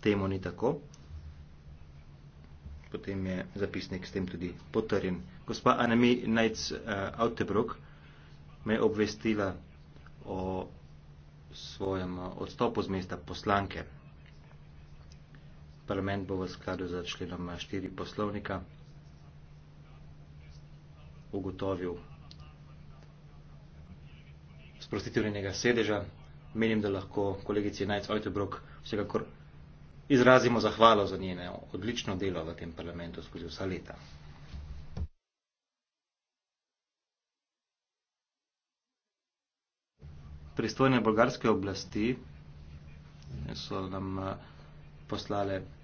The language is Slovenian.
temu ni tako. Potem je zapisnik s tem tudi potrjen. Gospa Anami Neitz eh, Autebrook me je obvestila o svojem odstopu z mesta poslanke. Parlament bo v skladu za členom štiri poslovnika ugotovil sprostitev njenega sedeža. Menim, da lahko kolegici Najc Ojtebrok vsekakor izrazimo zahvalo za njene odlično delo v tem parlamentu skozi vsa leta. Pristojne bolgarske oblasti so nam eh, poslale